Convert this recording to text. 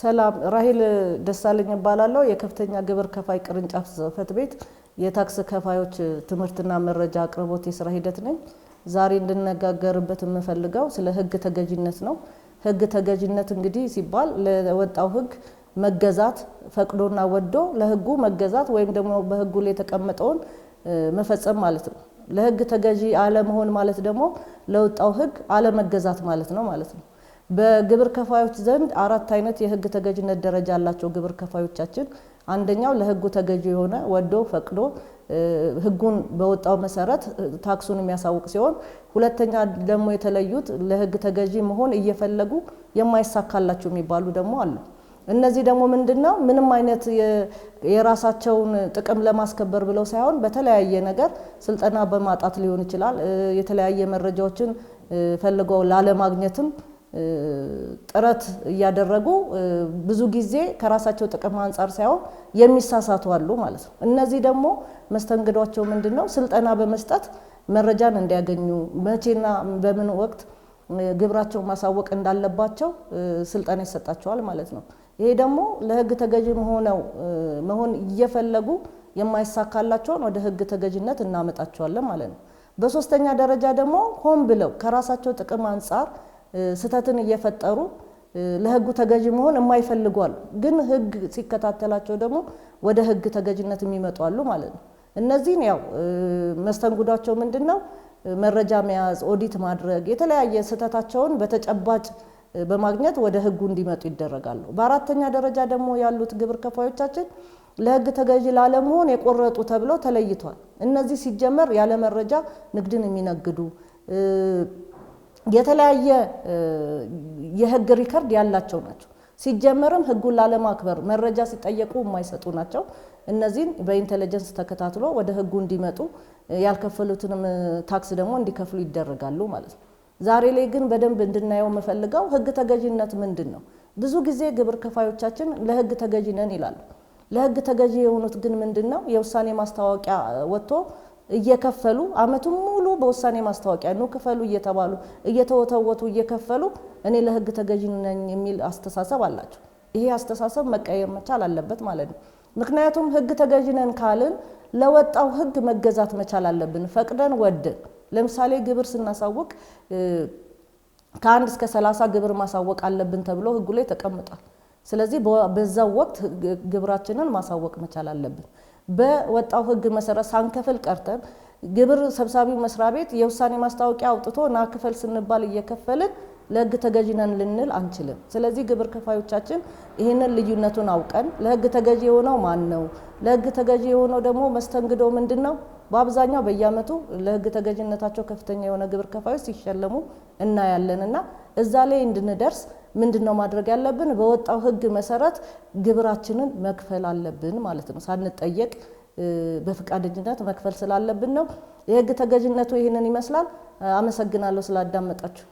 ሰላም ራሄል ደሳለኝ እባላለሁ። የከፍተኛ ግብር ከፋይ ቅርንጫፍ ጽሕፈት ቤት የታክስ ከፋዮች ትምህርትና መረጃ አቅርቦት የስራ ሂደት ነኝ። ዛሬ እንድነጋገርበት የምፈልገው ስለ ህግ ተገዥነት ነው። ህግ ተገዥነት እንግዲህ ሲባል ለወጣው ህግ መገዛት ፈቅዶና ወዶ ለህጉ መገዛት ወይም ደግሞ በህጉ ላይ የተቀመጠውን መፈጸም ማለት ነው። ለህግ ተገዢ አለመሆን ማለት ደግሞ ለወጣው ህግ አለመገዛት ማለት ነው ማለት ነው። በግብር ከፋዮች ዘንድ አራት አይነት የህግ ተገዥነት ደረጃ አላቸው ግብር ከፋዮቻችን፣ አንደኛው ለህጉ ተገዥ የሆነ ወዶ ፈቅዶ ህጉን በወጣው መሰረት ታክሱን የሚያሳውቅ ሲሆን፣ ሁለተኛ ደግሞ የተለዩት ለህግ ተገዢ መሆን እየፈለጉ የማይሳካላቸው የሚባሉ ደግሞ አሉ። እነዚህ ደግሞ ምንድን ነው? ምንም አይነት የራሳቸውን ጥቅም ለማስከበር ብለው ሳይሆን በተለያየ ነገር ስልጠና በማጣት ሊሆን ይችላል። የተለያየ መረጃዎችን ፈልገው ላለማግኘትም ጥረት እያደረጉ ብዙ ጊዜ ከራሳቸው ጥቅም አንጻር ሳይሆን የሚሳሳቱ አሉ ማለት ነው። እነዚህ ደግሞ መስተንግዷቸው ምንድን ነው? ስልጠና በመስጠት መረጃን እንዲያገኙ መቼና በምን ወቅት ግብራቸው ማሳወቅ እንዳለባቸው ስልጠና ይሰጣቸዋል ማለት ነው። ይሄ ደግሞ ለሕግ ተገዥ ሆነው መሆን እየፈለጉ የማይሳካላቸውን ወደ ሕግ ተገዥነት እናመጣቸዋለን ማለት ነው። በሶስተኛ ደረጃ ደግሞ ሆን ብለው ከራሳቸው ጥቅም አንጻር ስህተትን እየፈጠሩ ለህጉ ተገዥ መሆን የማይፈልጉ ግን ህግ ሲከታተላቸው ደግሞ ወደ ህግ ተገዥነት የሚመጡ አሉ ማለት ነው። እነዚህን ያው መስተንጉዳቸው ምንድን ነው? መረጃ መያዝ፣ ኦዲት ማድረግ፣ የተለያየ ስህተታቸውን በተጨባጭ በማግኘት ወደ ህጉ እንዲመጡ ይደረጋሉ። በአራተኛ ደረጃ ደግሞ ያሉት ግብር ከፋዮቻችን ለህግ ተገዥ ላለመሆን የቆረጡ ተብለው ተለይቷል። እነዚህ ሲጀመር ያለ መረጃ ንግድን የሚነግዱ የተለያየ የህግ ሪከርድ ያላቸው ናቸው። ሲጀመርም ህጉን ላለማክበር መረጃ ሲጠየቁ የማይሰጡ ናቸው። እነዚህን በኢንቴሊጀንስ ተከታትሎ ወደ ህጉ እንዲመጡ ያልከፈሉትንም ታክስ ደግሞ እንዲከፍሉ ይደረጋሉ ማለት ነው። ዛሬ ላይ ግን በደንብ እንድናየው የምፈልገው ህግ ተገዥነት ምንድን ነው? ብዙ ጊዜ ግብር ከፋዮቻችን ለህግ ተገዥ ነን ይላሉ። ለህግ ተገዢ የሆኑት ግን ምንድን ነው? የውሳኔ ማስታወቂያ ወጥቶ እየከፈሉ አመቱን ሙሉ በውሳኔ ማስታወቂያ ነው ክፈሉ እየተባሉ እየተወተወቱ እየከፈሉ እኔ ለህግ ተገዥ ነኝ የሚል አስተሳሰብ አላቸው። ይሄ አስተሳሰብ መቀየር መቻል አለበት ማለት ነው። ምክንያቱም ህግ ተገዥ ነን ካልን ለወጣው ህግ መገዛት መቻል አለብን፣ ፈቅደን ወድን። ለምሳሌ ግብር ስናሳውቅ ከአንድ እስከ ሰላሳ ግብር ማሳወቅ አለብን ተብሎ ህጉ ላይ ተቀምጧል። ስለዚህ በዛው ወቅት ግብራችንን ማሳወቅ መቻል አለብን። በወጣው ህግ መሰረት ሳንከፍል ቀርተን ግብር ሰብሳቢው መስሪያ ቤት የውሳኔ ማስታወቂያ አውጥቶ ና ክፈል ስንባል እየከፈልን ለህግ ተገዥነን ነን ልንል አንችልም። ስለዚህ ግብር ከፋዮቻችን ይህንን ልዩነቱን አውቀን ለህግ ተገዢ የሆነው ማን ነው? ለህግ ተገዢ የሆነው ደግሞ መስተንግዶ ምንድን ነው? በአብዛኛው በየአመቱ ለህግ ተገዥነታቸው ከፍተኛ የሆነ ግብር ከፋዮች ሲሸለሙ እና እዛ ላይ እንድንደርስ ምንድን ነው ማድረግ ያለብን? በወጣው ህግ መሰረት ግብራችንን መክፈል አለብን ማለት ነው። ሳንጠየቅ በፈቃደኝነት መክፈል ስላለብን ነው። የህግ ተገዥነቱ ይህንን ይመስላል። አመሰግናለሁ ስላዳመጣችሁ።